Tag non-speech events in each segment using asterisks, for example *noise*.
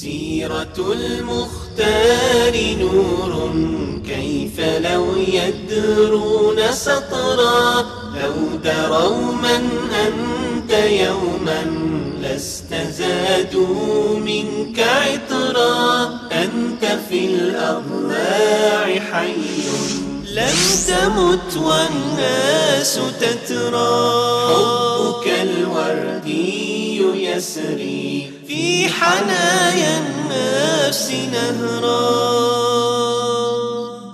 سيرة المختار نور كيف لو يدرون سطرا لو دروا من أنت يوما لست زادوا منك عطرا أنت في الأضلاع حي لم تمت والناس تترى حبك الوردي يسري في حنايا النفس نهرا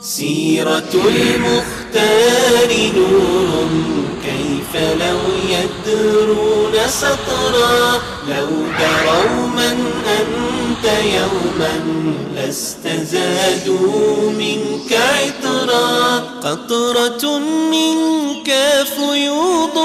سيرة المختار نور فلو يدرون سطرا لو دروا من أنت يوما لست زادوا منك عطرا قطرة منك فيوض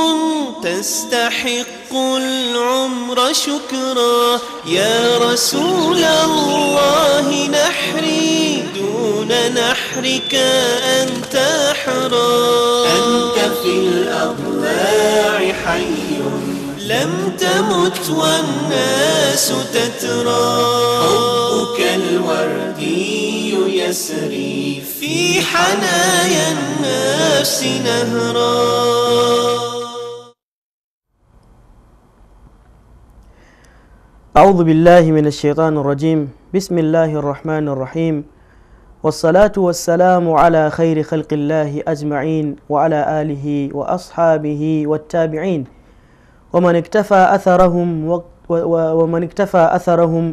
تستحق العمر شكرا يا رسول الله نحري دون نحرك أنت أحرى أنت في الأرض حي لم تمت والناس تترى حبك الوردي يسري في حنايا النفس نهرا أعوذ بالله من الشيطان الرجيم بسم الله الرحمن الرحيم والصلاة والسلام على خير خلق الله أجمعين وعلى آله وأصحابه والتابعين ومن اكتفى أثرهم ومن اكتفى أثرهم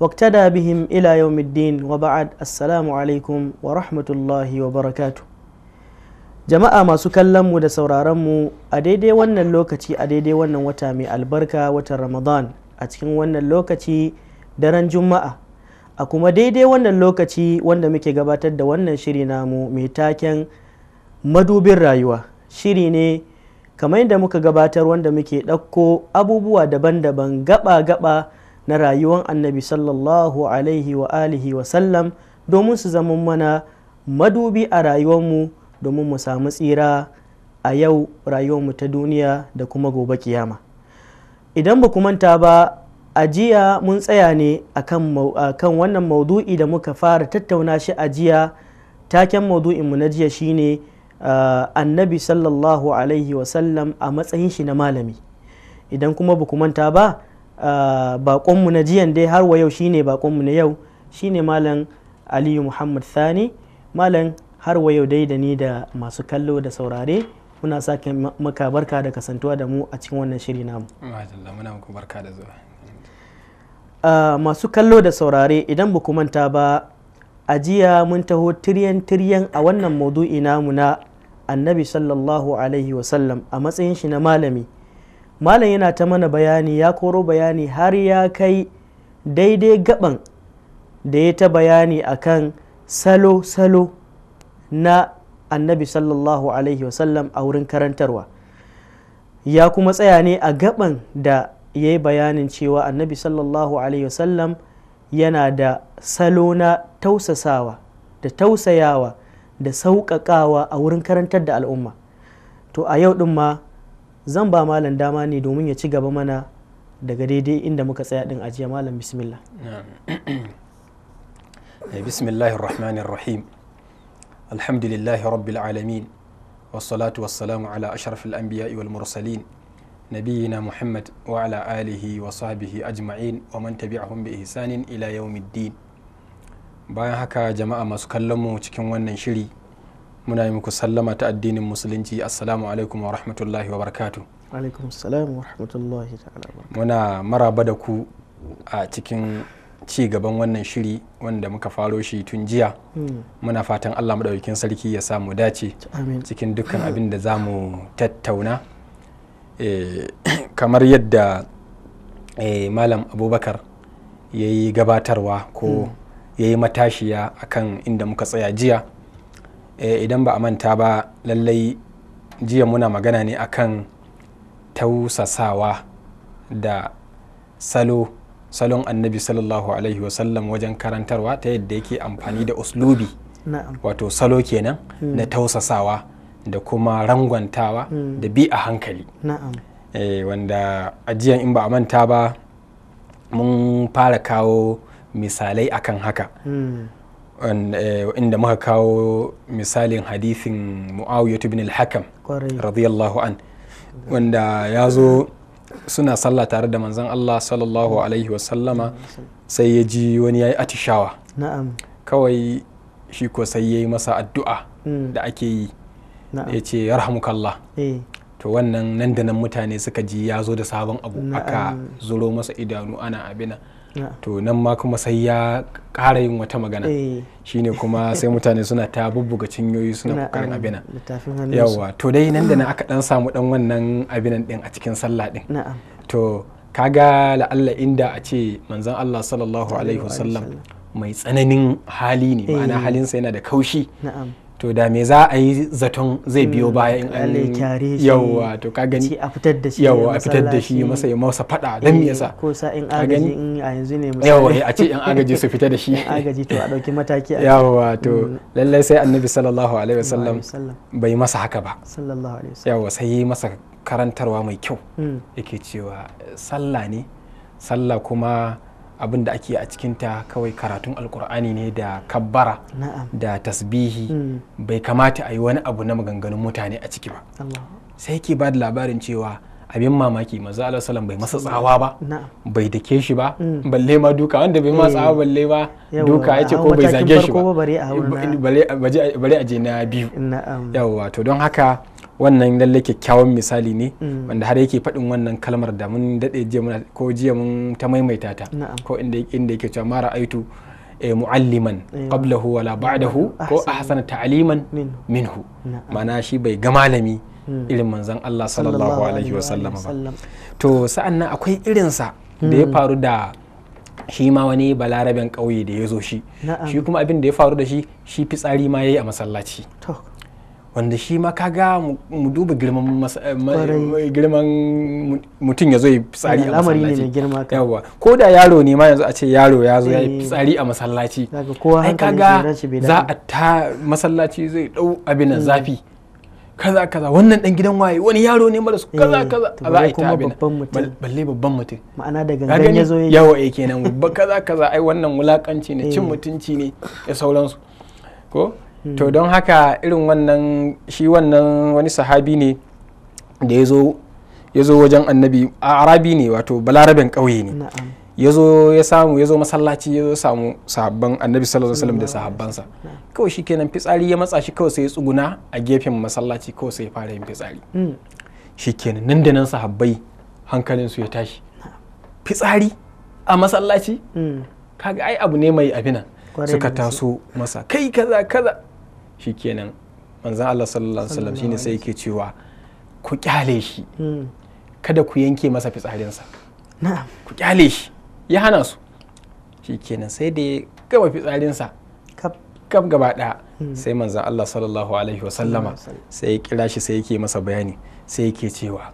واقتدى بهم إلى يوم الدين وبعد السلام عليكم ورحمة الله وبركاته جماعة ما سكلم ودى da أديدي ون اللوكتي أديدي ون lokaci a daidai wannan wata mai albarka watan ramadan a kuma daidai wannan lokaci wanda muke gabatar da wannan shiri namu mai taken madubin rayuwa shiri ne kamar yadda muka gabatar wanda muke ɗauko abubuwa daban-daban gaba-gaba na rayuwan annabi sallallahu alaihi wa alihi wa sallam domin su zama mana madubi a rayuwanmu domin mu samu tsira a yau rayuwanmu ta duniya da kuma gobe kiyama idan ba ku manta ba a jiya mun tsaya ne akan wannan maudu'i da muka fara tattauna shi a jiya taken maudu'in mu na jiya shine annabi sallallahu alaihi wasallam a matsayin shi na malami idan kuma ba manta ba baƙonmu na jiyan dai har wa yau shine baƙonmu na yau shine malam aliyu muhammad thani malam har wa yau dai da ni da masu kallo da saurare muna sake maka barka da kasantuwa da mu a cikin wannan shiri namu. muna muku barka da zuwa. uh, masu kallo da saurare idan ba ku manta ba a jiya mun taho tiryan tiryan a wannan maudu'i namu na annabi sallallahu alaihi wasallam a matsayin shi na malami malam yana ta mana bayani ya koro bayani har ya kai daidai gaban da ya ta bayani akan salo-salo na annabi sallallahu alaihi wasallam a wurin karantarwa ya kuma tsaya ne a gaban da ya yi bayanin cewa annabi sallallahu alaihi wasallam yana da salo na tausasawa da tausayawa da sauƙaƙawa a wurin karantar da al'umma to a yau ɗin ma zan ba malam dama ne domin ya ci gaba mana daga daidai inda muka tsaya ɗin ajiya malam bismillah eh, bismillahir rahmanir rahim alhamdulillahi rabbil alamin والصلاة والسلام على أشرف الأنبياء والمرسلين نبينا محمد وعلى آله وصحبه أجمعين ومن تبعهم بإحسان إلى يوم الدين bayan haka jama'a masu kallon mu cikin wannan shiri muna yi muku sallama ta addinin musulunci assalamu alaikum wa rahmatullahi wa barakatu alaikum wa rahmatullahi barakatu. muna maraba da ku a cikin ci gaban wannan shiri wanda muka faro shi tun jiya muna fatan allah maɗaukin sarki ya samu dace cikin dukkan abin da za mu tattauna Eh, *clears throat* kamar yadda eh, malam abubakar ya yi gabatarwa ko hmm. ya yi matashiya akan inda muka tsaya jiya eh, idan ba a manta ba lallai jiya muna magana ne akan tausasawa da salo salon annabi sallallahu alaihi wasallam wajen karantarwa ta yadda yake amfani da uslubi wato salo kenan hmm. na tausasawa da kuma rangwantawa mm. da bi a hankali eh, wanda ajiyan in ba a manta ba mun fara kawo misalai akan haka mm. eh, inda muka kawo misalin hadithin mu'awiyatu bin al-hakam radiyallahu an wanda ya zo suna sallah tare da manzon Allah sallallahu alaihi wasallama sai ya ji wani ya yi atishawa kawai shi ko sai ya yi masa addu'a mm. da ake yi ya ce yarhamukallah eh. to wannan nan da nan mutane suka ji ya zo da sabon abu aka zuro masa idanu ana abina to nan ma kuma sai ya kara yin wata magana eh. shine kuma sai *laughs* mutane suna ta bubbuga cinyoyi suna kokarin abina yawa to dai nan da nan *gasps* aka dan samu dan wannan abinan din a cikin sallah din to kaga la'alla inda a ce manzon Allah sallallahu alaihi wasallam mai tsananin hali ne ma'ana eh. halinsa yana da kaushi to da me za a yi zaton zai biyo mm, baya in an yawa to ka gani a fitar da shi yawa a fitar da shi masa ya masa fada dan me eh, yasa ko sa in agaji in a yanzu ne yawa eh, a ce in agaji su fita da shi *laughs* agaji to a dauki mataki yawa to mm. lalle sai annabi sallallahu alaihi wasallam bai masa haka ba sallallahu alaihi wasallam yawa sai yi masa karantarwa mai kyau mm. yake cewa sallah ne sallah kuma abin da ake a cikinta kawai karatun alkur'ani ne da kabbara da tasbihi hmm. bai kamata a yi wani abu na maganganun mutane a ciki ba sai ke ba da labarin cewa abin mamaki maza Allah salam bai masa tsawa ba bai dake shi ba hmm. balle ma duka wanda bai masa eh. tsawa balle ba duka ya ce ko bai zage shi ba bari a je na biyu yawa to don haka wannan lalle kyakkyawan misali ne mm. wanda har yake faɗin wannan kalmar da mun daɗe jiya ko jiya mun ta maimaita ta ko inda yake cewa mara aitu e, mu'alliman eh. qablahu wala ba'dahu ko ahsana ta'aliman minhu mana shi bai ga malami hmm. irin manzon Allah sallallahu alaihi wa sallam ba to sa'an nan akwai sa da ya hmm. faru da shi ma wani balaraben ƙauye da ya zo shi shi kuma abin da ya faru da shi shi fitsari ma yayi a masallaci wanda shi ma ka ga mu duba girman eh, girman mutum ya zo ya fitsari a masallaci yawa ko da yaro ne ma yanzu a ce yaro ya zo ya eh. fitsari a masallaci ai ga za a ta masallaci zai dau abin mm. zafi kaza kaza wannan dan gidan waye wani yaro ne mara su eh, kaza kaza a za a yi ta abin balle babban mutum ma'ana da gangan ya zo ya yawa ya kenan kaza kaza ai wannan wulakanci ne cin mutunci ne da sauransu ko to don haka irin wannan shi wannan wani sahabi ne da ya zo wajen annabi a arabi ne wato balaraben ƙauye ne ya zo ya samu ya zo masallaci ya zo samu sahabban annabi sallallahu alaihi wasallam da sahabbansa kawai shi kenan fitsari ya matsa shi kawai sai ya tsuguna a gefen masallaci kawai sai ya fara yin fitsari mm. shi kenan nan da nan sahabbai su ya tashi fitsari a masallaci mm. kaga ai abu ne mai abinan suka taso masa kai kaza kaza shikenan manzan Allah sallallahu alaihi wasallam shine sai yake cewa ku kyale shi hmm. kada ku yanke masa fitsarinsa na'am ku kyale shi ya hana su shikenan sai da ya gama fitsarinsa kam gaba daya hmm. sai manzan Allah sallallahu alaihi wasallam sai ya kira shi sai yake masa bayani sai yake cewa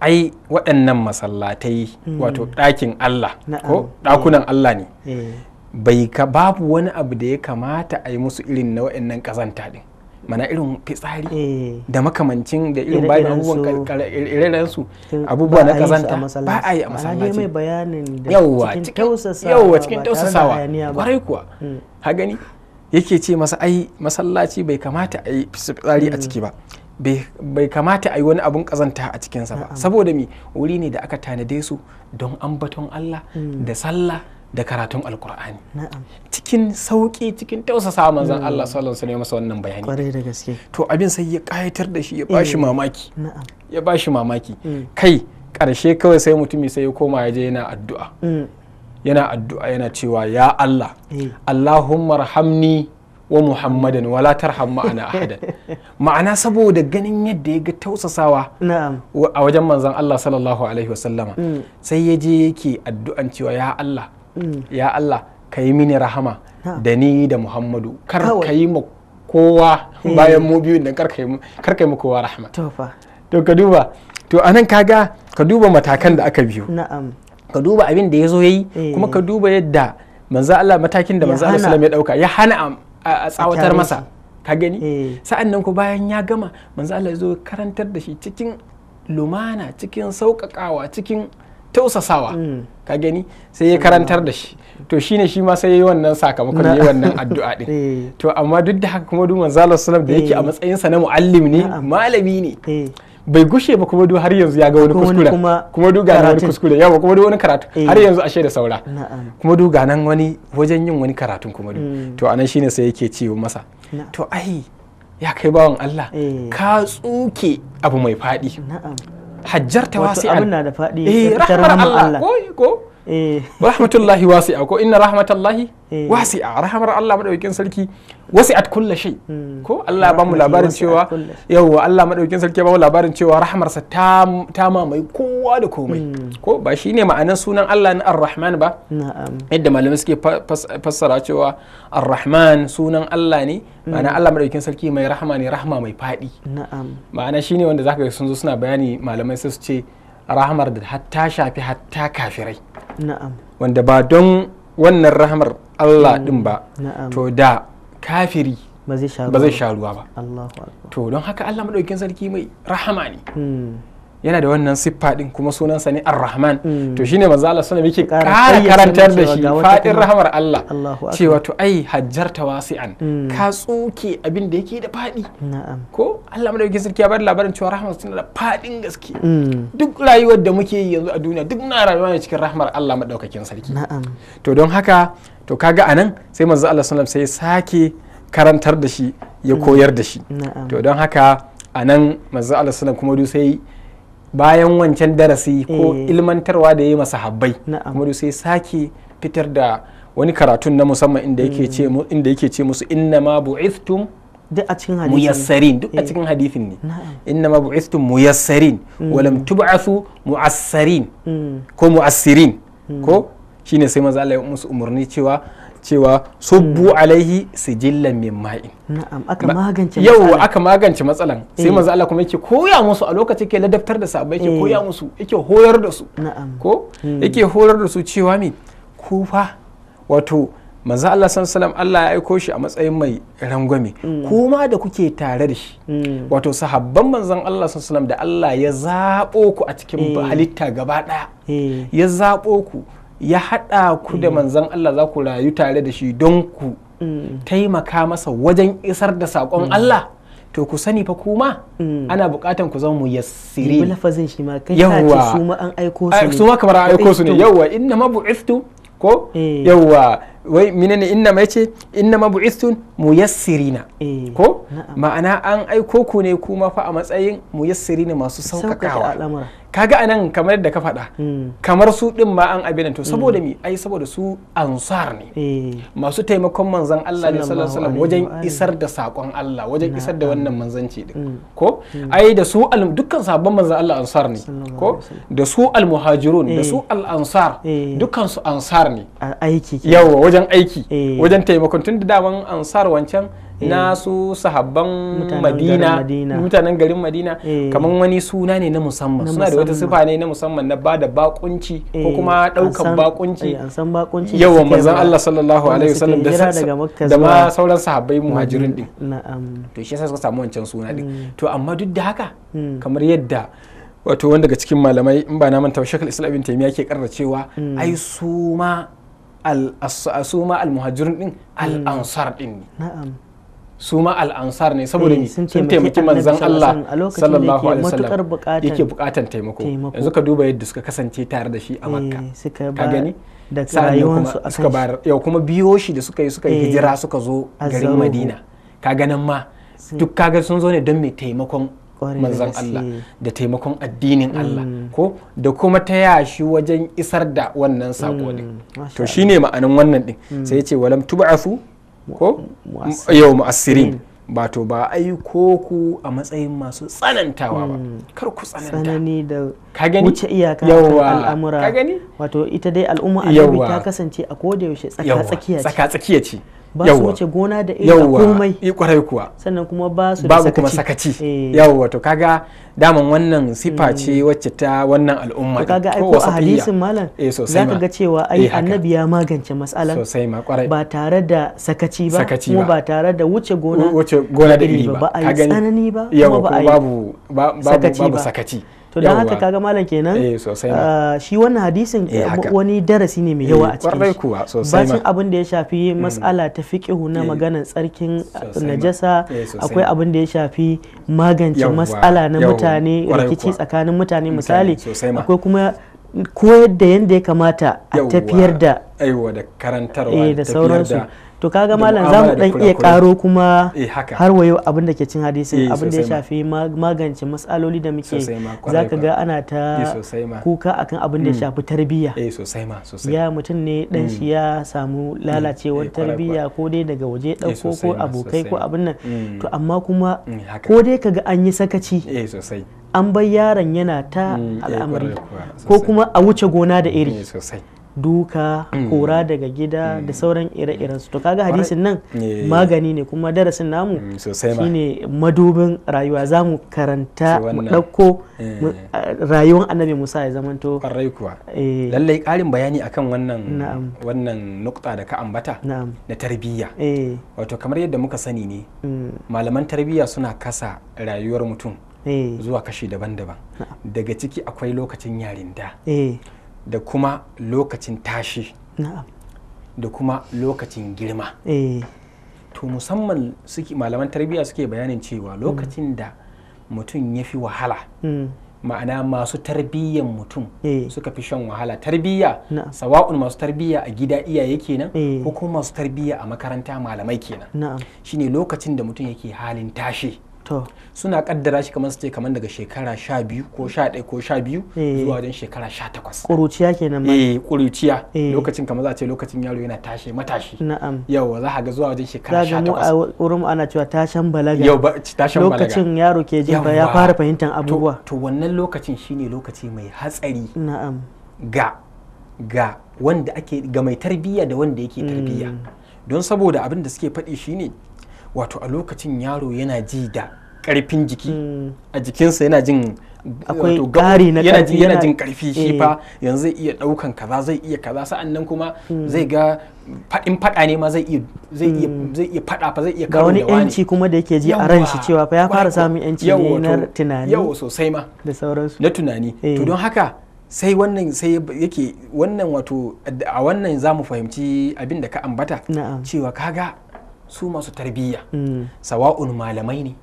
ai waɗannan masallatai hmm. wato ɗakin Allah ko ɗakunan Allah ne eh. bai ka babu wani abu da ya kamata a yi musu irin na wa'annan kazanta din mana irin fitsari eh. da makamancin da irin bayan abubuwan irin su abubuwa na kazanta ba a yi a masallaci mai bayanin cikin tausasawa kwarai kuwa ha hmm. gani yake ce masa ai masallaci bai kamata a yi fitsari a hmm. ciki ba bai kamata a yi wani abun kazanta a cikinsa ba saboda mi wuri ne da aka tanade su don ambaton Allah hmm. da sallah da karatun alkur'ani cikin sauƙi cikin tausasa manzon Allah mm. sallallahu alaihi wasallam masa wannan bayani kwarai da gaske to abin sai ya kayatar da shi ya bashi eh. mamaki ya bashi mamaki mm. kai karshe kawai sai mutumi sai ya koma ya je yana addu'a mm. yana addu'a yana cewa ya Allah eh. Allahumma rahamni wa muhammadan wala tarham ma'ana ahadan *laughs* ma'ana saboda ganin yadda ya ga tausasawa a wajen manzon Allah sallallahu alaihi wasallama sai ya je yake addu'an cewa ya Allah ya Allah ka yi mini rahama da ni da Muhammadu kar ka yi mu kowa eh. bayan mu biyu da kar ka yi mu kowa rahama to ka duba to anan kaga ka duba matakan da aka biyo ka duba abin da ya zo eh. kuma ka duba yadda manzo Allah matakin da manzo Allah ya dauka ya hana a tsawatar masa ka gani eh. sa'an nan ko bayan ya gama manzo Allah ya zo karantar da shi cikin lumana cikin sauƙaƙawa cikin tausasawa mm. ka gani sai ya karantar da shi to shine shi ma sai ya yi wannan sakamakon ya yi wannan addu'a *laughs* din eh. to amma duk da haka kuma duk manzala sallam da yake a eh. matsayinsa na muallim ne malami ne eh. bai gushe ba kuma duk har yanzu ya ga wani kuskure kuma duk ga wani kuskure yawa kuma duk wani karatu har yanzu ashe da saura kuma duk ga nan wani wajen yin wani karatun kuma duk mm. to anan shine sai yake ce masa to ai ya kai bawan Allah ka tsuke abu mai fadi. hajjarta wasi abin na da faɗi eh rahmar Allah ko Eh. rahmatullahi wasi'a ko inna rahmatullahi eh. wasi'a rahamar Allah madaukakin sarki wasi'at kulli shay hmm. ko Allah ba mu labarin cewa yawa Allah madaukakin sarki ba mu labarin cewa rahamarsa ta ta mamaye kowa da komai hmm. ko ba shine ma'anar sunan Allah na Ar-Rahman ba yadda malamai suke fassara cewa Ar-Rahman sunan Allah ne hmm. ma'ana Allah madaukakin sarki mai rahma ne rahma mai fadi ma'ana shine wanda zaka ga sun zo suna bayani malamai sai su ce rahamar da hatta shafi hatta kafirai wanda ba don wannan rahamar Allah mm. din ba to da kafiri ba zai sha ruwa ba to don haka Allah maɗaukin sarki mai rahama ne hmm. yana da wannan siffa din kuma sunansa ne ar-rahman mm. to shine manzo Allah sallallahu yake karantar da shi fadin rahmar Allah cewa to ai hajjarta wasi'an mm. ka tsoke abin da yake da fadi ko Allah madauki sarki ya bar labarin cewa rahmar tana da fadin gaske mm. duk rayuwar da muke yi yanzu a duniya duk na rayuwa ne cikin rahmar Allah madaukakin sarki to don haka to kaga anan sai manzo Allah sallallahu sai sake karantar da shi ya koyar da shi to don haka anan manzo Allah sallallahu kuma sai bayan wancan darasi ko eh. ilmantarwa da ya yi masa habbai kuma sai sake fitar da wani karatun na musamman inda yake ce mm. musu inna ma bu'ithtum cikin muyassarin duk a eh. cikin hadifin ne inna ma bu'ithtum muyassarin mm. walam tub'asu mu'assarin mm. ko mu'assirin ko shine sai maza Allah ya musu umarni cewa cewa subbu hmm. alaihi sijillan min ma'in na'am aka magance yau aka magance matsalan sai eh. manzo Allah kuma yake koya musu a lokacin ke ladabtar da sahabbai yake koya eh. musu yake horar da su na'am ko hmm. yake horar da su cewa me ku fa wato manzo Allah sallallahu Allah ya aiko shi a matsayin mai rangwame hmm. kuma da kuke tare da shi wato sahabban manzon Allah sallallahu da Allah ya zabo ku a cikin eh. halitta gaba daya ya zabo ku ya haɗa ku da mm. manzan Allah za ku rayu tare da shi don ku mm. taimaka masa wajen isar da sakon mm. Allah to ku sani fa kuma ana buƙatan ku zama muyassiri lafazin shi ma kai su su ma an aiko su ne inna mabu'istu ko eh. wai minene inna mai ce inna mabu'istun muyassirina eh, ko ma'ana an aiko ku ne kuma fa a matsayin muyassirina masu saukakawa kaga anan kamar da ka faɗa hmm. kamar su ɗin ma an abin to hmm. saboda mi ai saboda su ansar ne eh. masu taimakon manzan Allah ne sallallahu alaihi wajen isar da sakon Allah wajen isar da wannan manzanci din hmm. ko ai da su dukkan sabon manzan Allah ansar ne ko da su al muhajirun da su eh. al ansar dukkan su ansar ne aiki yawa wajen aiki eh. wajen taimakon tun da daman ansar wancan eh. na su sahabban madina mutanen garin madina eh. kamar wani suna ne na musamman suna da wata sifa ne na musamman na ba da bakunci ko kuma daukan bakunci yawan manzon Allah sallallahu alaihi wasallam da ma sauran sahabbai muhajirin din to shi yasa suka samu wancan suna din hmm. to amma duk da haka hmm. kamar yadda wato wanda daga cikin malamai in ba na manta shakal islam ibn taymiya ke karra cewa hmm. ai su ma suma ma almuhajirun din al'ansar hmm. din ne suma al'ansar ne saboda eh, sun taimaki manzan Allah sallallahu alaihi wasallam yake bukatan taimako yanzu ka duba yadda suka kasance tare da shi a makka eh, ka gani da rayuwarsu suka bar yau kuma biyo shi da suka yi suka eh, hijira suka zo garin madina ka ganin ma duk kaga sun zo ne don mai taimakon manzan Allah da taimakon addinin Allah mm. ko da kuma ta yashi wajen isar da wannan sako din mm, to shine ma'anin wannan din mm. sai ya ce walam tub'afu ko yau mu'assirin ba to ba aiko ku a matsayin masu tsanantawa ba kar ku tsananta tsanani da wuce iyaka al'amura ka gani wato ita dai al'umma annabi ta kasance a koda yaushe tsaka tsakiya ce ba su wuce gona da ita komai eh, kwarai kuwa sannan kuma ba su da babu kuma sakaci eh. yawwa to kaga daman wannan sifa hmm. ce wacce ta wannan al'umma kaga ai ko a hadisin malam eh, za ka ga cewa ai annabi ya magance matsalan sosai ma kwarai ba tare da sakaci ba kuma ba tare da wuce gona wuce gona da iri ba ba a yi tsanani ba kuma ba a yi babu babu sakaci to don haka kaga malam kenan eh, ah, shi wannan hadisin eh, wani darasi ne mai yawa a eh, cikin shi bacin abin da ya shafi mm. matsala ta kihu na maganar tsarkin najasa akwai abin da ya shafi magance matsala na mutane rikici tsakanin mutane misali akwai kuma koyar da yadda ya kamata a tafiyar da da karantarwa da sauransu to kaga malam za mu dan iya karo kuma eh, har wayo abin da ke cin hadisi eh, abin da ya shafi magance matsaloli da muke za ka ga ana ta eh, kuka akan abin da ya hmm. shafi tarbiyya ya mutum ne dan shi hmm. ya samu hmm. lalacewar tarbiyya ko dai daga waje dauko ko abokai ko abin nan to amma kuma ko dai kaga an yi sakaci an bai yaron yana ta al'amari ko kuma a wuce gona da iri duka mm. kora daga gida mm. da sauran ire-irensu to kaga hadisin nan magani ne kuma darasin namu mm, shine madubin rayuwa za mu karanta mu ɗauko rayuwar annabi musa ya zamanto ƙwarai kuwa lallai ƙarin bayani akan wannan wannan nukta da ka ambata na tarbiyya wato kamar yadda muka sani ne malaman tarbiyya suna kasa rayuwar mutum zuwa kashi daban-daban daga ciki akwai lokacin yarinda da kuma lokacin tashi da kuma lokacin girma eh. to musamman malaman tarbiyya suke bayanin cewa mm. lokacin da mutum ya fi wahala mm. ma'ana masu tarbiyyan mutum eh. suka fi shan wahala tarbiyya sawa'un masu tarbiyya a gida iyaye kenan eh. ko kuma masu tarbiyya a makaranta malamai kenan shine lokacin da mutum yake halin tashi suna kaddara shi kamar su ce kamar daga shekara sha biyu ko sha ɗaya ko sha biyu eh. zuwa wajen shekara sha takwas ƙuruciya kenan ma eh ƙuruciya eh. lokacin kamar za a ce lokacin yaro yana tashi matashi na'am yawa za ga zuwa wajen shekara sha takwas za mu a wurin ana cewa tashan balaga yau tashan balaga lokacin yaro ke jin ya fara fahimtar abubuwa to wannan lokacin shine lokaci mai hatsari na'am ga ga wanda ake ga mai tarbiyya da wanda yake tarbiyya mm. don saboda abin da suke faɗi shine wato a lokacin yaro yana ji da karfin jiki hmm. a jikinsa yana jin akwai ƙari na karfi yana jin karfi shi eh. fa yanzu zai iya daukan kaza zai iya kaza sa'annan kuma hmm. zai ga fadin faɗa ne ma zai iya zai iya hmm. zai iya fada fa zai iya karo wani yanci kuma da yake ji a ran shi cewa fa ya fara samun yanci ne na tunani yawo sosai ma da sauransu na tunani to eh. don haka sai wannan sai yake wannan wato a wannan zamu fahimci abin da ka ambata cewa kaga su masu tarbiyya mm. sawa'un malamai ne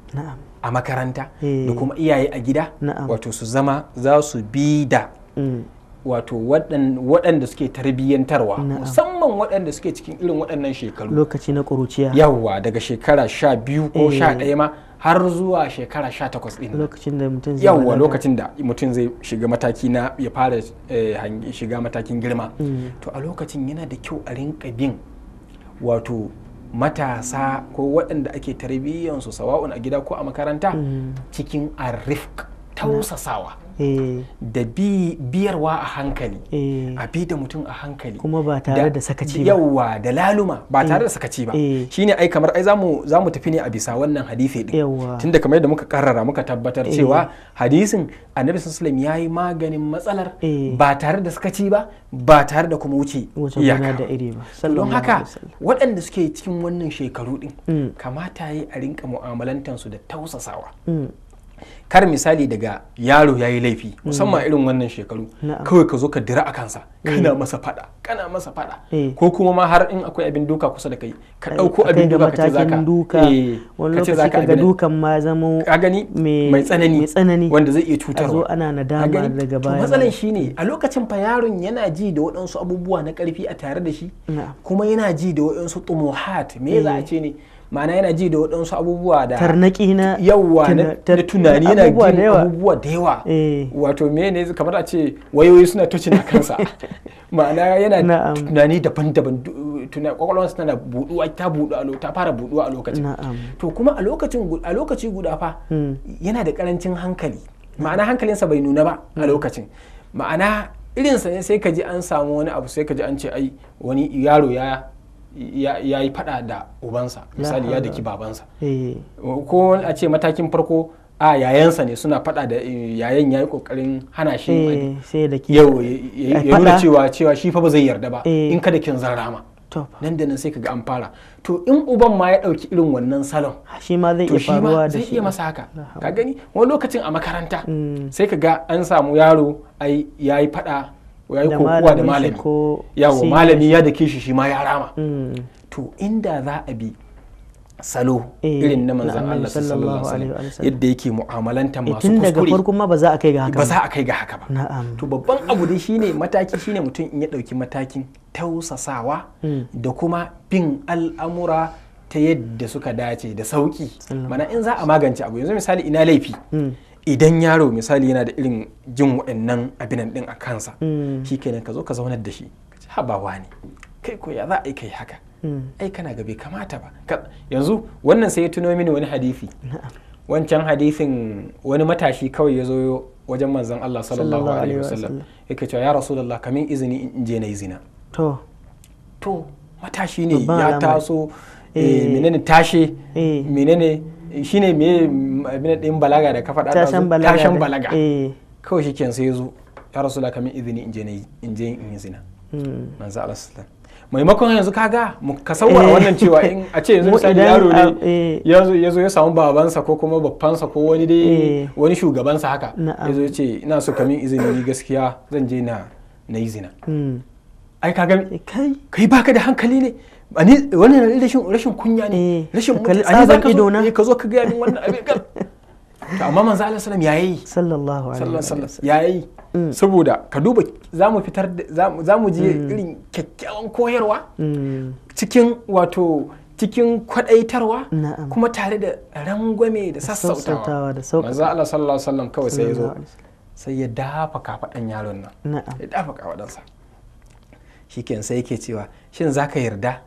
a makaranta eh. da kuma iyaye a gida wato su zama za su bi da mm. wato waɗanda suke tarbiyyantarwa musamman waɗanda suke cikin irin waɗannan shekaru lokaci na ƙuruciya yawwa daga shekara sha biyu ko eh. sha ɗaya ma har zuwa shekara sha takwas ɗin lokacin da mutum zai yawwa lokacin da mutum zai shiga mataki na ya fara eh, shiga matakin girma mm. to a lokacin yana da kyau a rinka bin wato matasa ko waɗanda ake tarbiyyansu sawa'un a gida ko a makaranta mm. cikin arrifk tausasawa Eh. da biyarwa a hankali eh. a bi da mutum a hankali kuma ba tare da sakaci ba Yawwa da laluma ba tare da eh. sakaci ba shine ai kamar ai zamu zamu tafi ne a bisa wannan hadisi din tunda kamar yadda muka karrara muka tabbatar cewa hadisin annabi sallallahu yi maganin matsalar ba tare da sakaci ba ba tare da kuma wuce ba. don haka waɗanda suke cikin wannan shekaru din mm. kamata yi a rinka mu'amalantansu da tausasawa mm. kar misali daga yaro ya yi laifi mm. musamman irin wannan shekaru kawai ka zo ka dira a kansa mm. kana masa fada kana masa fada eh. ko kuma ma har in akwai abin duka kusa da kai ka dauko eh, abin duka ka ce zaka eh, wani lokaci ka ga dukan ma zama gani mai tsanani wanda zai iya cutarwa a ana nadama daga baya matsalan shine a lokacin fa yaron yana ji da waɗansu abubuwa na karfi a tare da shi kuma yana ji da waɗansu tumuhat me za a ce ne ma'ana yana ji da waɗansu abubuwa da tarnaki na yawa na tunani yana ji abubuwa da yawa eh. wato mene kamar a ce wayoyi suna tocin a kansa *laughs* ma'ana yana tunani daban-daban tunani kwakwalwarsa tana buɗuwa ta budu a ta fara buɗuwa a lokacin to kuma a lokacin a lokaci guda fa hmm. yana da karancin hankali ma'ana hankalinsa bai nuna ba a hmm. lokacin ma'ana irinsa ne sai ka ji an samu wani abu sai ka ji an ce ai wani yaro ya ya yi fada da ubansa misali ya daki babansa eh. ko a ce matakin farko a yayansa ne suna fada da eh, yayan ya yi kokarin hana shi eh, yau ya nuna cewa cewa shi fa ba zai yarda ba in kada kin zan rama nan da nan sai kaga an fara to in uban ma ya dauki irin wannan salon shi ma zai iya faruwa da shi iya masa haka ka gani wani lokacin a makaranta mm. sai kaga an samu yaro ai yayi fada ya yi kokowa da malami yawo malami ya da kishi shi ma ya rama mm. to inda za a bi salo eh, irin na manzan Allah sallallahu alaihi wasallam yadda yake mu'amalanta eh, masu kuskure tun daga farkon ma ba za a kai ga haka ba za a kai ga haka ba to babban abu dai shine mataki shine mutum in ya dauki matakin tausasawa mm. da kuma bin al'amura ta yadda suka dace da sauki mana in za a magance abu yanzu misali ina laifi mm. idan yaro misali yana da irin jin waɗannan abinan din a kansa mm. shi kenan ka zo ka zaunar da shi ka ce ne kai ko ya za a yi kai haka mm. ai kana ga bai kamata ba yanzu wannan sai ya tuno mini wani hadisi wancan hadisin wani matashi kawai ya zo wajen manzon Allah sallallahu alaihi wasallam yake cewa ya rasulullah kamin izini in je na zina to to matashi ne ya taso eh, eh. menene tashe eh. menene Shi ne me abin din balaga da kafa faɗa tashan balaga tashan balaga eh. kawai shi kyan sai zo ya rasu da kamin izini in je in je in yi zina hmm. manzo Allah sallallahu maimakon yanzu kaga ka sauwara eh. wannan cewa in a ce yanzu *laughs* misali yaro ne eh. ya zo ya samu babansa ko kuma babbansa ko wani dai wani shugabansa haka ya zo ya ce ina so kamin izini ni gaskiya zan je na na yi zina hmm. ai kaga kai baka da hankali ne ani wannan rashin rashin kunya ne eh, rashin mutunci ani zaka ido na eh, ka zo ka ga min wannan abin kan to amma manzo Allah sallam yayi sallallahu alaihi wasallam yayi mm. saboda ka duba zamu fitar zamu je mm. irin kyakkyawan koyarwa mm. cikin wato cikin kwadaitarwa kuma tare da rangwame da sassautawa manzo Allah sallallahu alaihi wasallam kawai sai ya zo sai ya dafa kafadan yaron nan ya dafa kafadansa shikenan sai yake cewa shin zaka yarda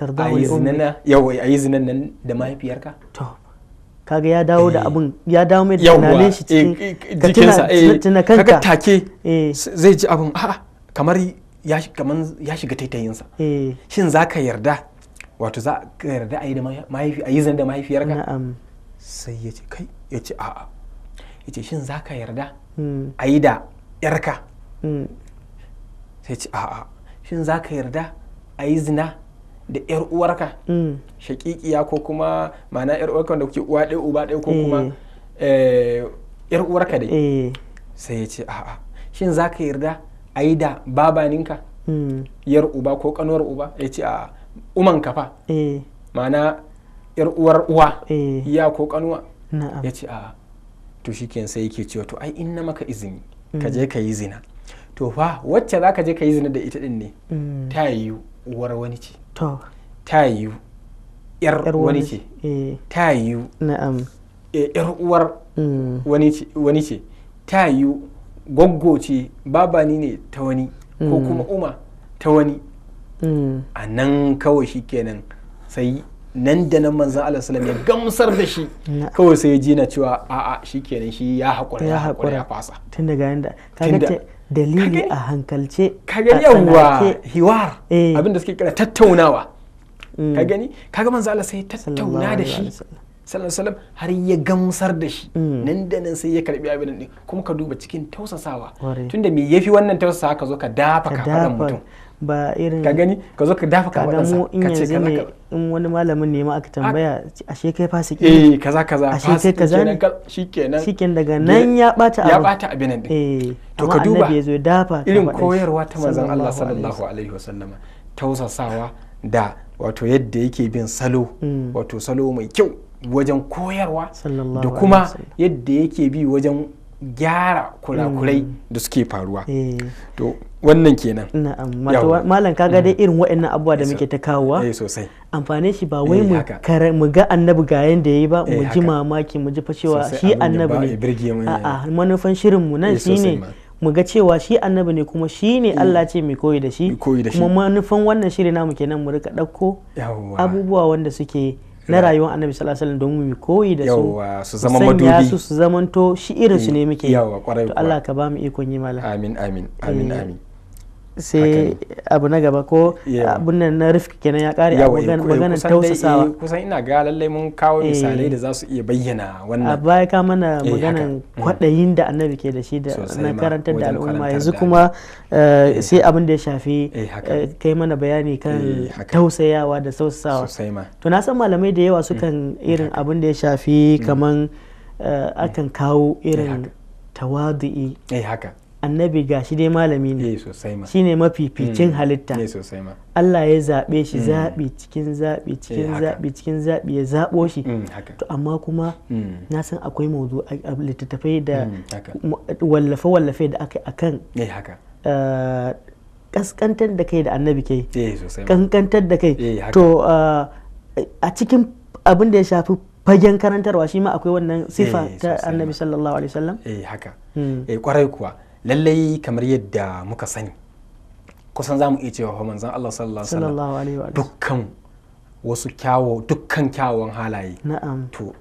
a yi zinana a yi zinan nan da mahaifiyarka to kaga ya dawo da eh. abun ya dawo mai tunanin shi eh, cikin eh, ka tuna kanka kaga take zai ji abun a'a kamar ya shiga taitayinsa shin ka yarda wato za ka yarda a yi da zan da mahaifiyarka na'am sai ya ce kai ya ce a'a ya ce shin za ka yarda hmm. a yi da yarka hmm. sai ce a'a shin za ka yarda a yi zina da yar uwarka mm. Shaƙiƙiya ko kuma ma'ana yar uwarka wanda kuke uwa ɗaya uba ɗaya ko kuma mm. eh, yar uwarka dai mm. sai ya ce a'a shin za ka yarda a yi da babaninka yar uba ko kanuwar uba ya ce a uman kafa eh. ma'ana yar uwar uwa eh. ya ko kanuwa ya ce a to shikenan sai yake cewa to ai in na maka izini ka je ka yi zina to fa wacce za ka je ka yi zina da ita din ne ta yi uwar wani ce ta yiwu yar wani ce eh. ta yiwu e, yar uwar mm. wani ce ta yiwu goggo ce babani ne ta wani ko mm. kuma uma ta wani mm. a nan kawai shi kenan sai nan da nan manzan Allah ya gamsar da shi kawai sai ya ji na cewa a'a shi kenan shi ya haƙura ya haƙura ya fasa tun daga yanda dalili a hankalce ka gani yawa hiwar eh. abin da suke kira tattaunawa mm. ka gani kaga manzo Allah sai tattauna da shi sallallahu alaihi har ya gamsar da shi mm. nan da nan sai ya karbi abin din kuma ka duba cikin tausasawa tunda me yafi wannan tausasawa ka zo ka dafa ka fara mutum ba irin ka gani ka zo ka dafa ka wadansa ka ce kaza ka in wani malamin ne ma aka tambaya ashe kai fasiki eh kaza kaza ashe kai kaza ne shikenan shikenan daga nan ya bata abu ya bata abin eh to ka duba irin koyarwa ta manzon Allah sallallahu alaihi wasallam tausasawa da wato yadda yake bin salo mm. wato salo mai kyau wajen koyarwa da kuma yadda yake bi wajen gyara kurakurai mm. da suke faruwa eh. to wannan kenan malam kaga dai mm. irin waɗannan abubuwa da muke ta kawowa eh, amfani shi ba wai eh, mu ga annabi ga yanda yi ba mu ji mamaki mu ji fashewa shi annabi ne a manufan shirin mu nan shine mu ga cewa shi annabi ne kuma shi ne mm. Allah ce mai koyi da shi kuma manufan wannan shiri namu kenan mu rika ɗauko abubuwa wanda suke na rayuwar annabi sallallahu alaihi wasallam don mu koyi da su su zama madubi su su zamanto shi irin su ne mm. muke yawa kwarai to Allah ka ba mu ikon yi mala amin amin amin amin sai abu na gaba ko abun nan na rufi kenan ya kare a maganar tausasawa eh, kusan ina ga lallai mun kawo eh. misalai da za su iya bayyana wannan a baya ka mana eh, maganar mm. kwaɗayin da annabi ke da shi da na karantar da al'umma yanzu kuma sai abin da ya shafi kai mana bayani kan tausayawa da tausasawa to na san malamai da yawa sukan mm. Mm, irin abin da ya shafi kaman akan kawo irin tawadu'i annabi ga shi dai malami ne eh, shi ne mafificin mm. halitta eh, Allah ya zaɓe shi mm. zaɓi cikin zaɓi eh, cikin zaɓi cikin zaɓi ya zaɓo shi mm, to amma kuma na san akwai mawuzu a littattafai da wallafe-wallafe da aka akan kaskantar da kai da annabi ke kankantar da kai to a cikin abin da ya shafi fagen karantarwa shi ma akwai wannan sifa ta annabi sallallahu alaihi wasallam eh haka hmm. eh kwarai kuwa lallai kamar yadda muka sani kusan za mu iya cewa zan Allah sallallahu alaihi wasallam dukkan wasu kyawo dukkan kyawon halaye na'am to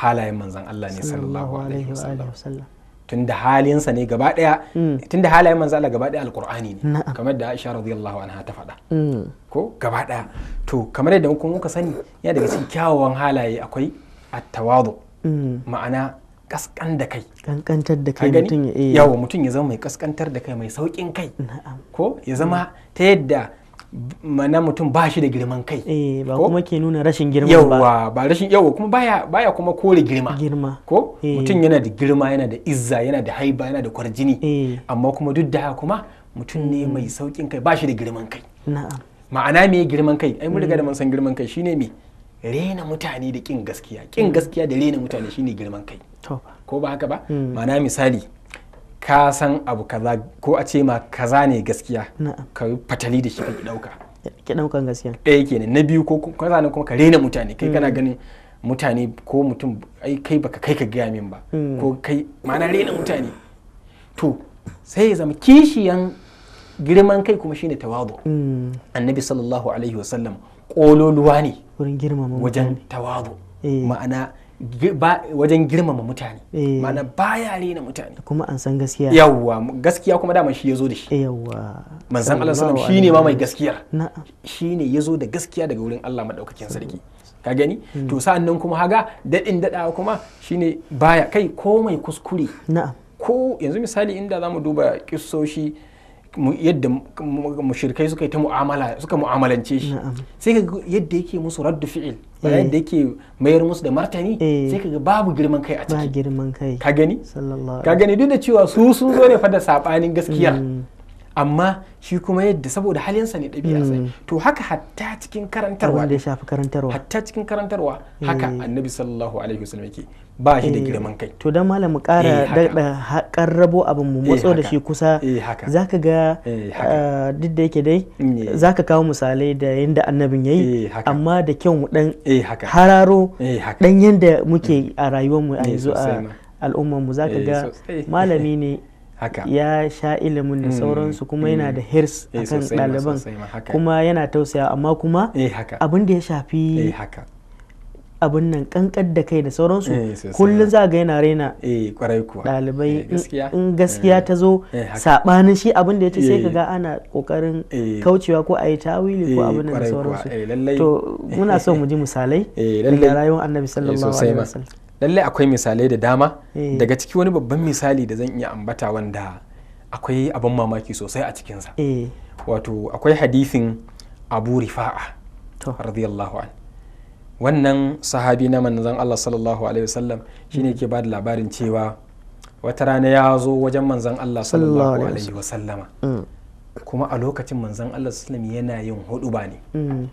halayen manzon Allah ne sallallahu alaihi wasallam tunda halinsa ne gaba daya mm. tunda halayen manzon Allah gaba daya alqur'ani ne kamar da Aisha radiyallahu anha ta faɗa mm. ko gaba daya to kamar yadda muka sani ya daga cikin kyawawan halaye akwai at-tawadu mm. ma'ana kaskan da kai kankantar da kai mutum ya iya eh. yawo mutum ya zama mai kaskantar da kai mai saukin kai ko ya zama ta yadda mana mutum ba shi da girman kai eh, ba kuma ke nuna rashin girma ba ba rashin yawa kuma baya kuma kore girma girma ko eh. mutum yana da girma yana da izza yana da haiba yana da kwarjini amma kuma duk da kuma mutum ne mai saukin kai ba shi da girman kai na'am ma'ana me girman kai ai mun riga da mm. mun san girman kai shine me rena mutane da kin gaskiya kin mm. gaskiya da rena mutane shine girman kai ko ba haka ba mm. ma'ana misali ka san abu kaza ko a ce ma kaza ne gaskiya ka fatali da shi ka dauka ki daukan gaskiya ɗaya kenan na biyu ko kaza ne kuma ka rena mutane kai kana mm. ganin mutane ko mutum ai kai baka kai ka gaya min ba ko kai ma'ana rena mutane to sai ya zama kishiyan girman kai kuma shine tawadu annabi sallallahu alaihi wasallam kololuwa ne wurin girmama wajen tawadu eh. ma'ana wajen girmama mutane eh. ma'ana baya rena mutane kuma an san gaskiya yawwa gaskiya kuma dama shi ya zo da shi yawwa manzon Allah sallam shi shine ma mai gaskiya shi ne ya zo da gaskiya daga wurin Allah madaukakin sarki ka gani hmm. to sa'annan nan kuma haga dadin daɗawa kuma shine baya kai ko mai kuskure na'am ko yanzu misali inda zamu duba kissoshi yadda mushrikai suka yi ta mu'amala suka mu'amalance shi sai ka yadda yake musu raddu fi'il yadda eh. yake mayar musu da martani eh. sai ka babu girman kai a ciki ka gani ka gani duk da cewa su sun zo ne fa da sabanin gaskiyar mm. amma shi kuma yadda saboda halinsa ne ɗabi'a sai mm. to haka hatta cikin karantarwa da ya shafi karantarwa hatta cikin karantarwa haka eh. annabi sallallahu alaihi wasallam yake ba shi da eh. girman kai to dan malamu ƙara eh, daɗa karrabo abin mu motsa da shi kusa zaka ga ah, duk da yake dai mm, zaka kawo misalai da yanda annabin yayi amma da kyau mu dan hararo dan yanda muke mm. a rayuwar mu a yanzu a al'ummar mu zaka ga malami ne *laughs* haka ya sha ilimin da mm. sauransu kuma yana mm. da hirs eh, akan ɗaliban kuma yana tausaya amma kuma eh, abin da ya shafi eh, abin nan kankan da kai da sauransu kullum za ga yana raina ɗalibai in gaskiya ta zo saɓanin shi abin da ya ce sai ka ga ana ƙoƙarin kaucewa ko a yi tawili ko abin da sauransu to muna so mu ji misalai *laughs* daga rayuwar annabi sallallahu alaihi wasallam lallai akwai misalai da dama eh. daga ciki wani babban misali da zan iya ambata wanda akwai abin mamaki sosai a cikinsa eh. wato akwai hadithin abu rifa'a radiyallahu an wannan sahabi na manzon Allah sallallahu alaihi wasallam shine mm. ke bada labarin cewa wata rana ya zo wajen manzon Allah sallallahu alaihi wasallama mm. kuma a lokacin manzon Allah sallallahu yana yin hudu ba ne mm.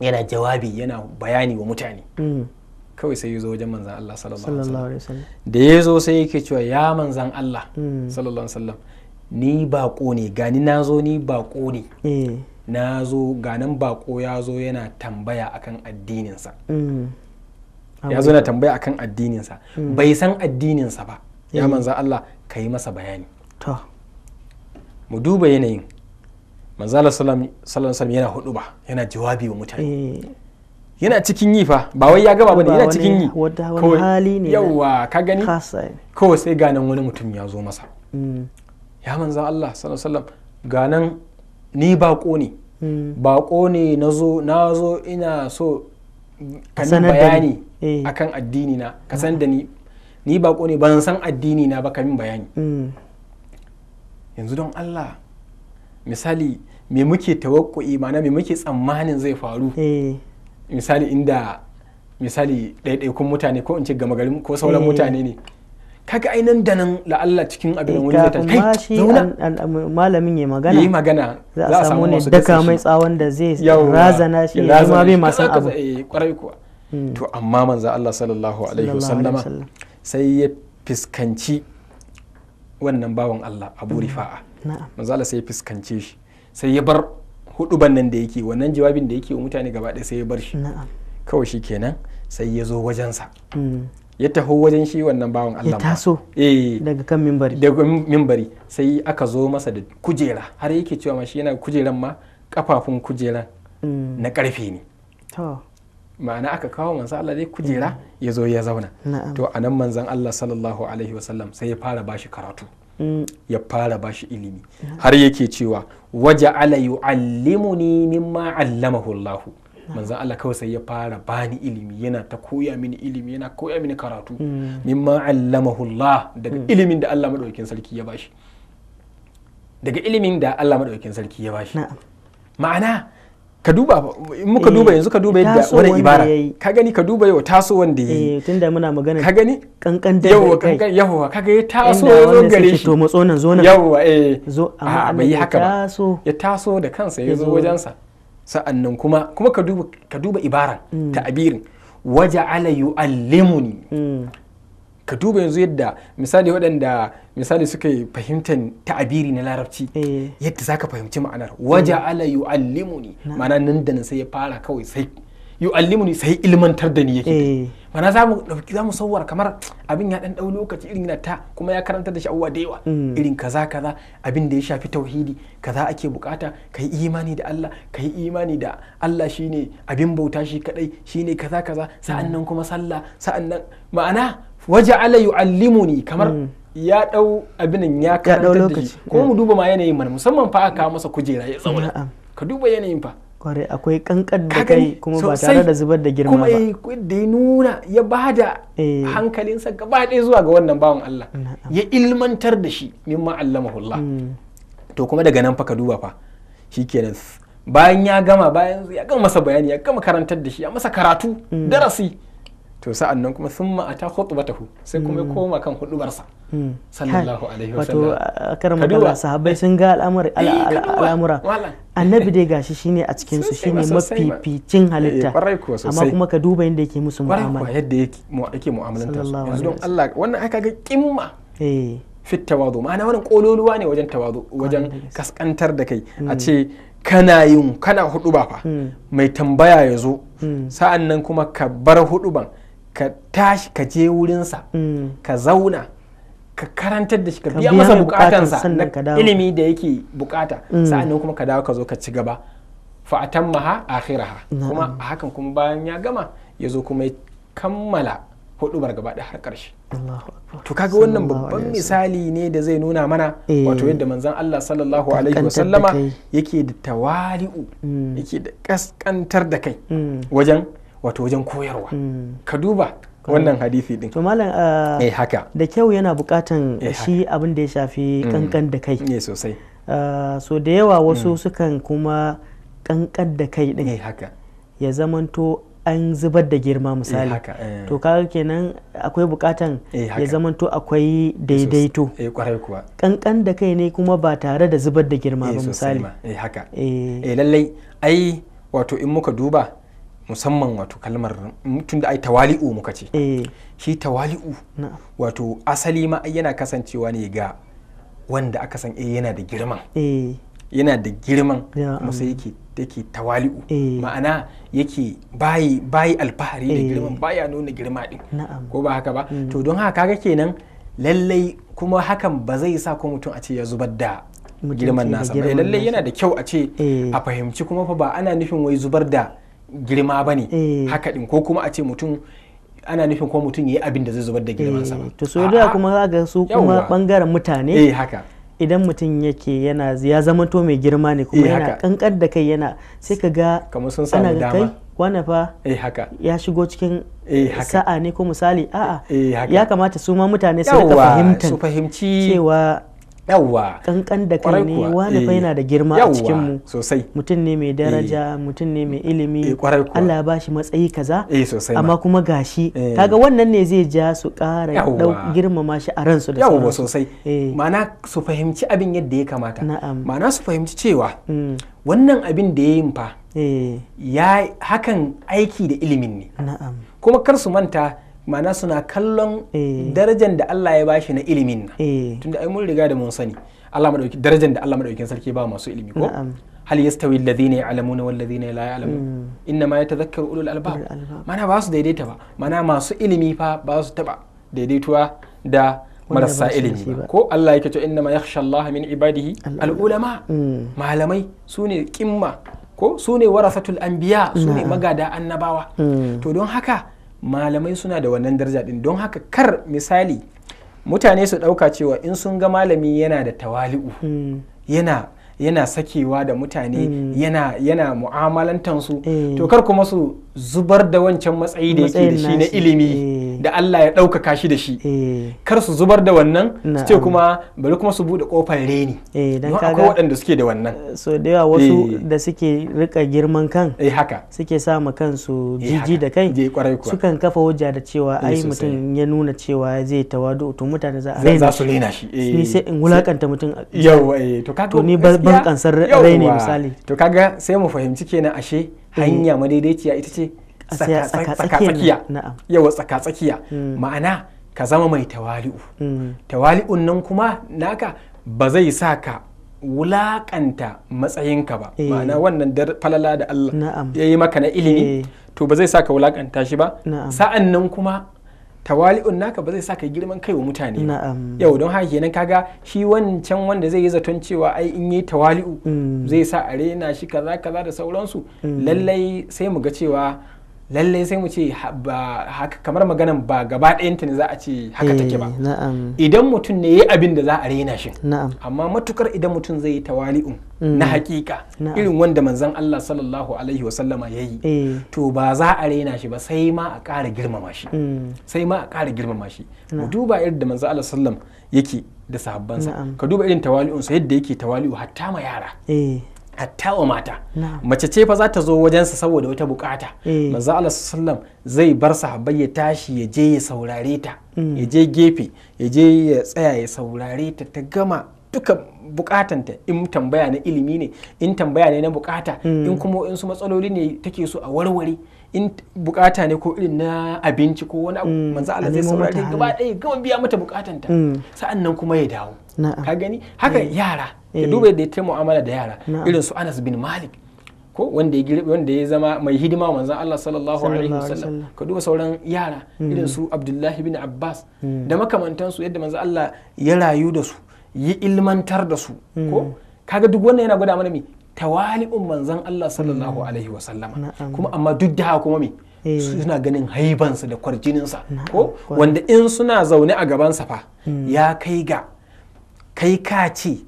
yana jawabi yana bayani wa mutane kawai sai ya zo wajen manzan Allah sallallahu alaihi wasallam da ya zo sai yake cewa ya manzan Allah hmm. sallallahu alaihi wasallam ni bako ne gani na zo ni bako ne eh. na zo ganin bako ya zo yana tambaya akan addininsa hmm. ya zo yana tambaya akan addininsa hmm. bai san addininsa ba ya eh. manzan Allah ka yi masa bayani mu duba yanayin Allah sallallahu alaihi wasallam yana hudu ba yana jawabi wa mutane eh. yana cikin yi fa ba wai ya gaba bane yana cikin yi wani hali ne yawa ka gani kawai sai ganin wani mutum ya zo masa mm. ya manza Allah sallallahu alaihi wasallam ganan ni bako ne mm. bako ne na zo na zo ina so ka bayani eh. akan addini na ka san da ni ni bako ne ban san addini na ba ka min bayani mm. yanzu don Allah misali me muke tawakku'i ma'ana me muke tsammanin zai faru eh. misali inda misali ɗaiɗaikun mutane ko in ce gama garin ko sauran eh. mutane ne kaga ai nan da nan la'alla cikin abin eh, wani zai tafi kai zauna malamin ya magana yi magana za a samu ne daka mai tsawon da zai razana shi ya zama bai masan abu kwarai eh, kuwa hmm. to amma manzo Allah sallallahu alaihi wasallama sai ya fiskanci wannan bawan Allah Abu hmm. Rifa'a manzo Allah sai ya fiskance shi sai ya bar huduban nan da yake wannan jawabin da yake wa mutane gaba ɗaya sai ya bar shi kawai shi kenan sai ya zo wajensa hmm. ya taho wajen shi wannan bawan Allah ya taso eh. daga kan mimbari daga mimbari sai aka zo masa da kujera har yake cewa ma shi yana kujeran ma kafafun kujeran hmm. na karfe ne ma'ana aka kawo manzan Allah dai kujera hmm. ya zo ya zauna to a nan manzan Allah sallallahu alaihi wasallam sai ya fara bashi karatu ya fara bashi ilimi har yake cewa waje ala allimuni mimma allamahu Allah manzan Allah kawai sai ya fara bani ilimi yana ta koya mini ilimi yana koya mini karatu hmm. mimma allamahu Allah daga hmm. ilimin da Allah madaukakin sarki ya bashi daga ilimin da Allah madaukakin sarki ya bashi ma'ana ka duba in muka duba eh, yanzu ka duba yadda wani ibara ka gani ka duba yau taso wanda yi eh, tun da muna magana ka gani kankan da yau kankan yawa kaga ya taso ya zo gare shi to matso nan zo nan yawa eh zo amma bai yi haka ba ya taso da kansa ya zo wajensa sa'annan kuma kuma ka duba ka duba ibaran mm. ta abirin waja ala yu'allimuni mm. ka duba yanzu yadda misali waɗanda misali suka yi fahimtar ta'abiri na larabci eh. yadda za ka fahimci ma'anar waja ala allimuni ma'ana nan da nan sai ya fara kawai sai allimuni sai ilmantar da ni yake eh. mana za mu dauki za mu sauwar kamar abin ya ɗan ɗau lokaci irin na ta kuma ya karanta da sha'awa da yawa mm. irin kaza kaza abin da ya shafi tauhidi kaza ake bukata yi imani da Allah ka yi imani da Allah shine abin bauta shi kadai shine kaza kaza sa'annan mm. kuma sallah sa'annan ma'ana waje ala yu'allimuni kamar mm. ya dau abinin ya karanta da shi ko mu mm. duba ma yanayin mana musamman fa aka masa kujera ya tsauna ka duba yanayin fa kware akwai kankan da kai kuma ba tare da zubar da girma ba eh, kuma da ya nuna ya bada eh. hankalinsa gaba ɗaya zuwa ga wannan bawan Allah ya ilmantar da shi mimma Allah mm. to kuma daga nan fa ka duba fa shikenan bayan ya gama bayan ya gama masa bayani ya gama karantar da shi ya masa karatu darasi to sa'an nan kuma sun ma'ata khutbatahu sai kuma mm. koma kan hudubarsa mm. sallallahu alaihi wasallam wato karin magana sahabbai sun ga al'amura annabi dai gashi shine a cikin su shine mafificin halitta eh, amma kuma ka duba yadda yake musu mu'amala yadda yake yake mu'amalanta yanzu don Allah wannan aka ga kimma eh. fit tawazu ma'ana wannan kololuwa ne wajen tawazu wajen kaskantar da kai a mm. ce kana yin kana hudu ba fa mai tambaya ya zo sa'an nan kuma ka bar hudu ban ka tashi ka je wurinsa mm. ka zauna ka karantar da shi ka biya masa bukatansa na ilimi da yake bukata mm. sa'annan kuma ka dawo ka zo ka ci gaba fa'atan maha akhiraha kuma a hakan kuma bayan ya gama ya zo kuma ya kammala hudubar gaba da har karshe to kaga wannan babban misali ne da zai nuna mana eh. wato yadda manzon Allah sallallahu alaihi wasallama yake da tawali'u mm. yake da kaskantar da kai wajen wato wajen koyarwa hmm. ka duba wannan hadisi din to malam ah, eh haka da kyau yana bukatan eh, shi abin da ya shafi hmm. kankan da kai ne eh, sosai ah, so da yawa hmm. wasu sukan kuma kankan da kai din eh, haka ya zamanto an zubar da girma misali to kaga kenan akwai bukatan ya zamanto akwai daidaito kankan da kai ne kuma ba tare da zubar da girma ba misali eh haka eh lallai ai wato in muka duba musamman wato kalmar tun da ai tawali'u muka ce eh. shi tawali'u wato asali ma yana kasancewa ne ga wanda aka san eh yana da girman eh. yana da girman musa sai yake take tawali'u eh. ma'ana yake bayi bayi alfahari da girman baya nuna girma din ko ba haka ba mm. to don haka kaga kenan lallai kuma hakan ba zai sa ko mutum a ce ya zubar da girman nasa ba lallai yana da kyau a ce a fahimci kuma fa ba ana nufin wai zubar da girma ba ne eh. haka din ko kuma a ce mutum ana nufin ko mutum ya yi abin da zai zubar da eh, girman sa to so da kuma zaga su kuma bangaren mutane eh haka idan mutum yake yana ya zama to mai girma ne kuma eh, yana kankar da kai yana sai ka ga kamar sun samu dama wane fa ya shigo cikin sa'a ne ko misali a'a ya kamata su ma mutane su ka fahimtar cewa yawwa kankan da kai ne wani fa yana da eh. girma a cikin mu sosai mutum ne mai daraja eh. mutum ne mai ilimi eh, Allah ba shi matsayi kaza amma kuma gashi kaga wannan ne zai ja su ƙara girmama shi a ransu da yawwa sosai ma'ana su fahimci abin yadda ya kamata ma'ana su fahimci cewa mm. wannan abin da ya fa ya hakan aiki da ilimin ne kuma kar su manta ma'ana suna kallon eh. darajar da Allah ya bashi na ilimin nan eh. tunda ai mun riga da mun sani Allah madauki darajar da Allah madaukin sarki ba masu ilimi ko hal yastawi alladhina ya'lamuna wal ladhina la ya'lamun hmm. inna ma yatadhakkaru ulul albab mana ba su daidaita ba mana masu ilimi fa ba su taba daidaituwa da marasa ilimi ko Allah yake to inna ma yakhsha Allah min ibadihi al ulama hmm. malamai sune kimma ko sune warasatul anbiya sune magada annabawa hmm. to don haka malamai suna da wannan daraja din don haka kar misali mutane su ɗauka cewa in sun ga malami yana da tawali'u hmm. yana yana sakewa da mutane hmm. yana yana mu'amalantansu hmm. to kar kuma su zubar da wancan matsayi da yake da shi na ilimi eh. da Allah ya ɗaukaka shi da shi eh. kar su zubar da wannan su ce kuma bari kuma su buɗe ƙofar reni eh, don akwai waɗanda suke da wannan so da yawa wasu da suke rika girman kan haka suke sa ma kansu jiji da kai sukan kafa hujja da cewa ai mutum ya nuna cewa zai tawadu to mutane za a za su rena shi ni sai in wulakanta mutum yau to kaga to ni ban kansar raini misali to kaga sai mu fahimci kenan ashe hanya mm. madaidaiciya ita ce tsakatsakiya yawa tsakatsakiya mm. ma'ana ka zama mai tawali'u mm. tawali'un nan kuma naka ba zai sa ka wulaƙanta matsayinka ba eh. ma'ana wannan falala da Allah ya yi maka na ilimi eh. to ba zai sa ka wulakanta shi ba sa'an nan kuma tawali'un naka ba zai sa ka girman kai wa mutane yau don haka kenan kaga shi wancan wanda zai yi zaton cewa ai in yi tawali'u mm. zai sa a rena shi kaza kaza da sauransu mm. lallai sai mu ga cewa lallai sai mu ce kamar maganan ba gaba ɗayanta ne za a ce haka eh, take ba idan mutum ne ya yi abin da za a raina shi amma matukar idan mutum zai yi tawali'un mm. na hakika irin wanda manzan Allah sallallahu alaihi wasallama ya yi eh. to ba za a raina shi ba sai ma a ƙara girmama shi mm. sai ma a ƙara girmama shi mu duba irin da manzan Allah sallam yake da sahabbansa ka duba irin tawali'unsa yadda yake tawali'u hatta ma yara eh. hatta wa mata mace ce fa za ta zo wajensa saboda wata bukata eh. manzo Allah sallam zai bar sahabbai ya tashi ya je ya saurare ta mm. ya je gefe ya je ya tsaya ya saurare ta ta gama duka bukatanta in tambaya na ilimi ne in tambaya ne na bukata mm. in kuma in su matsaloli ne take so a warware in bukata ne ko irin na abinci ko wani abu mm. manzo Allah zai saurare gaba ɗaya gama biya mata bukatanta sa'annan kuma ya dawo ka gani haka eh. yara ya eh. duba yadda ya ta mu'amala da yara irin su Anas bin Malik ko wanda ya wanda ya zama mai hidima manzon Allah sallallahu alaihi wasallam ka duba sauran yara hmm. irin su Abdullahi bin Abbas hmm. da makamantansu yadda manzon Allah ya rayu da su yi ilmantar da su hmm. ko kaga duk wannan yana gwada mana me tawali'un manzon Allah sallallahu alaihi wasallama kuma amma duk da haka kuma me eh. suna ganin haibansa da kwarjininsa ko wanda in suna zaune a gabansa fa ya kai ga kai ka ce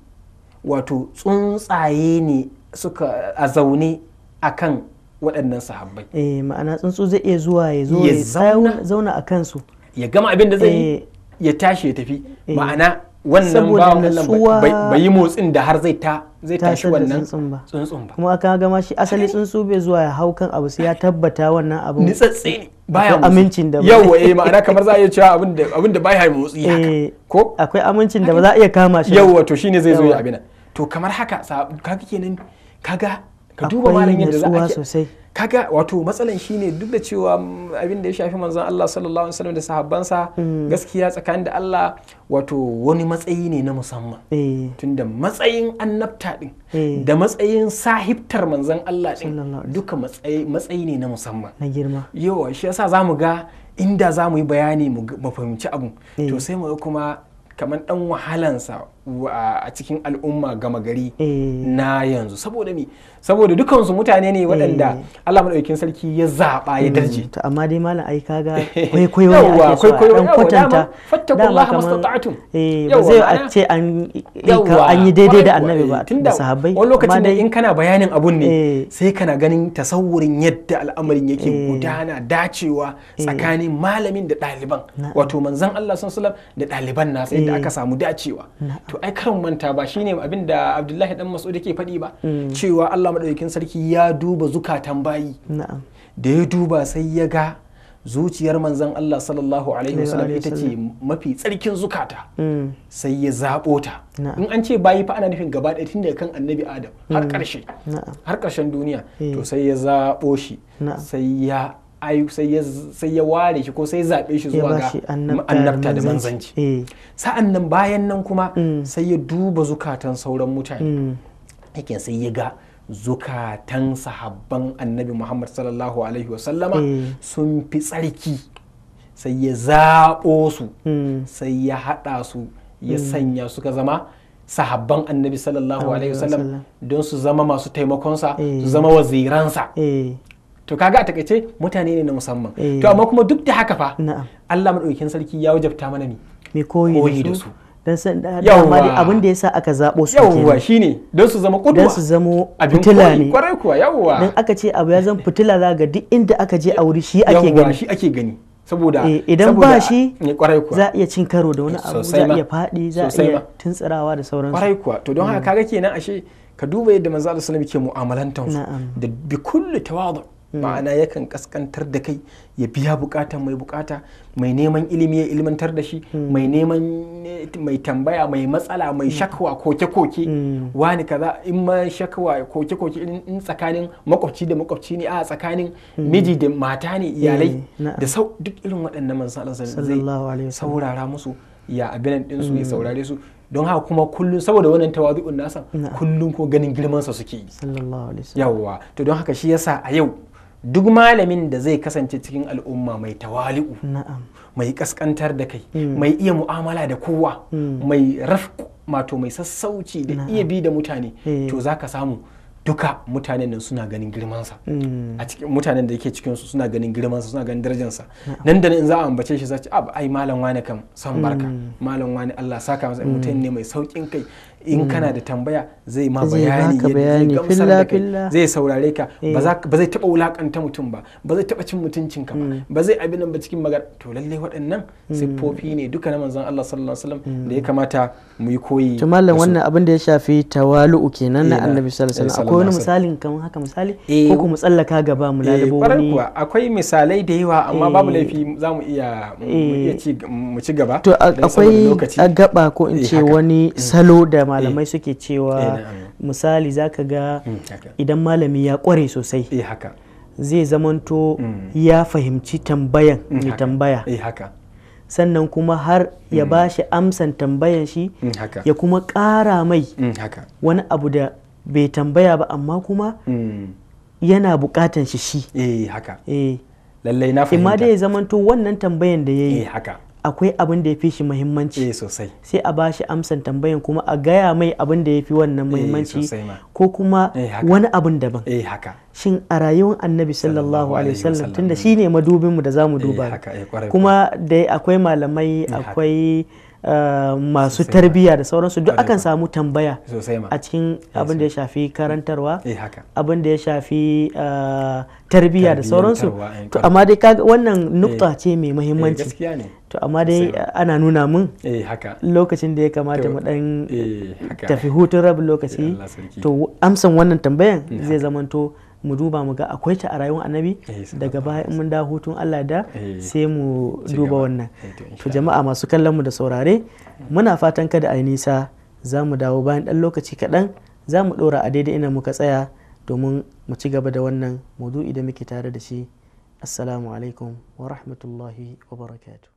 wato tsuntsaye ne suka a zaune a kan waɗannan sahabbai eh ma'ana tsuntsu zai iya zuwa ya zo ya zauna a kansu ya gama abin da zai yi eh. ya tashi ya tafi eh. ma'ana wannan ba Allah bai yi motsin da har zai ta zai tashi wannan tsuntsun ba kuma aka gama shi asali tsuntsu bai zuwa ya hau kan abu sai ya tabbata wannan abu nitsatse ne baya amincin da yawa eh ma'ana kamar za a iya cewa abin da abin da baya motsi haka eh. ko akwai amincin da ba za a iya kama shi yawa to shine zai zo ya abina to kamar haka kaga kenan kaga ka duba malam yadda za a sosai kaga wato matsalan shine duk da cewa mm, abin da ya shafi manzon Allah sallallahu alaihi wasallam da sahabbansa mm. gaskiya tsakanin da Allah wato wani matsayi ne na musamman eh. tunda matsayin annabta din eh. da matsayin sahibtar manzon Allah din duka matsayi ne na musamman na girma yawa shi yasa zamu ga inda zamu yi bayani mu fahimci abu to eh. sai mu kuma kamar dan wahalansa a cikin al'umma gama gari eh. na yanzu saboda me saboda dukansu mutane ne waɗanda eh. Allah madaukakin sarki ya zaba ya hmm. darje to amma dai malam ai kaga *laughs* kwaikwayo ne ake so dan kwatanta fattakullaha mastata'tum eh ba zai a ce an an yi daidai da annabi ba eh, da sahabbai wani lokacin da in kana bayanin abun ne sai kana ganin tasawurin yadda al'amarin yake gudana dacewa tsakanin malamin da ɗaliban wato manzon Allah sallallahu alaihi wasallam da ɗaliban nasa yadda aka samu dacewa to ai karan manta ba shine abin da Abdullahi dan Mas'ud ke faɗi ba mm. cewa Allah maɗaukin sarki ya duba zukatan bayi da ya duba sai ya ga zuciyar manzan Allah sallallahu alaihi wasallam ita ce mafi tsarkin zukata mm. sai ya zabo ta in an ce bayi fa ana nufin gaba ɗaya tun da kan annabi Adam har mm. ƙarshe har ƙarshen duniya to eh. sai ya zabo shi sai ya ai sai ya ware shi ko sai zaɓe shi zuwa ga annabta da manzanci eh. sa'an nan bayan nan kuma mm. sai ya duba zukatan sauran mutane mm. yakin sai ya ga zukatan sahabban annabi muhammad sallallahu alaihi wasallama eh. sun fi tsarki sai ya zaɓo su mm. sai ya haɗa su ya sanya suka zama sahabban annabi sallallahu alaihi wasallam don su zama masu taimakonsa eh. su zama waziransa to kaga a takaice mutane ne na musamman eh. to amma kuma duk da haka fa Allah madaukakin sarki ya wajabta mana ne me koyi da su dan san dama abin da yasa aka zabo su kenan yawwa shine don su zama kudwa dan su zama fitila ne kwarai kuwa yawwa dan aka ce abu ya zama fitila za ga duk inda aka je a wuri shi ake gani shi ake gani saboda eh, idan ba shi za iya cin karo da wani abu za iya fadi za iya tuntsirawa da sauransu kwarai kuwa to don haka mm. kaga kenan ashe ka duba yadda manzo Allah sallallahu alaihi wasallam ke mu'amalantansu da bi kullu tawadu Mm. ma'ana yakan kaskantar da kai ya biya bukatan mai bukata mai neman ilimi ya ilmantar da shi mm. mai neman mai tambaya mai matsala mai mm. shakwa koke-koke wani kaza in ma shakwa koke-koke in tsakanin makwabci da makwabci ne a tsakanin miji da mata ne iyalai eh, da sau duk irin waɗannan manzon zai saurara musu ya abinan ɗinsu ya saurare su don haka kuma kullum saboda wannan tawadu'un nasa kullum ko ganin girmansa suke yi yawwa to don haka shi yasa a yau duk malamin da zai kasance cikin al'umma mai tawali'u mai kaskantar da kai hmm. mai iya mu'amala da kowa hmm. mai rafku mato mai sassauci da iya bi da mutane eh. to za ka samu duka mutanen nan suna ganin girmansa hmm. a cikin mutanen da yake cikin suna ganin girmansa suna ganin darajarsa nan da nan za a ambace shi za ci ai malam wani kam san barka malam wani Allah saka masa mutane ne mai saukin kai in hmm. kana da tambaya zai ma bayani zai gamsar da kai zai saurare ka ba eh. zai taba wulakanta mutum ba ba zai taba cin mutuncin ka ba hmm. ba zai abin nan ba cikin magar to lalle waɗannan hmm. siffofi ne duka na manzon Allah sallallahu alaihi wasallam da ya kamata mu yi koyi to mallam wannan abin da ya shafi tawalu kenan eh, na annabi sallallahu alaihi wasallam akwai wani misalin kamar haka misali eh, ko ku mu tsallaka gaba mu lalabo wani akwai misalai da yawa amma babu laifi za mu iya mu ci gaba to akwai gaba ko in ce *laughs* wani salo da malamai eh. suke cewa eh, misali zaka ga hmm, idan malami ya kware sosai eh, zai zamanto hmm. ya fahimci tambayan hmm, mai tambaya sannan kuma har ya ba shi amsan tambayan shi ya kuma ƙara mai wani abu da bai tambaya ba amma kuma yana buƙatan shi shi lallai na fahimta imma dai ya zamanto wannan tambayan da ya yi. akwai abin da ya fi shi muhimmanci eh, sai a bashi amsan tambayan kuma a gaya mai abin da ya fi wannan eh, muhimmanci ko kuma eh, wani abin daban shin a rayuwar annabi sallallahu alaihi wasallam tunda shine madubinmu da za mu duba kuma da akwai malamai akwai Eh, masu tarbiyya da sauransu duk akan samu tambaya a cikin abin da ya shafi karantarwa eh, abin da ya shafi eh, tarbiyya da sauransu to amma dai kaga wannan nukta ce mai muhimmanci to amma dai ana nuna mun lokacin da ya kamata mu dan tafi hutun rabin lokaci to amsan wannan tambayan zai zamanto mu duba mu ga akwai ta a rayuwar annabi eh, daga baya in mun da hutun Allah da eh, sai mu duba wannan eh, to jama'a masu kallon mu da saurare muna fatan kada a nisa za mu dawo bayan ɗan lokaci kaɗan za mu ɗora a daidai ina muka tsaya domin mu ci gaba da wannan maudu'i da muke tare da shi assalamu alaikum wa rahmatullahi wa barakatuh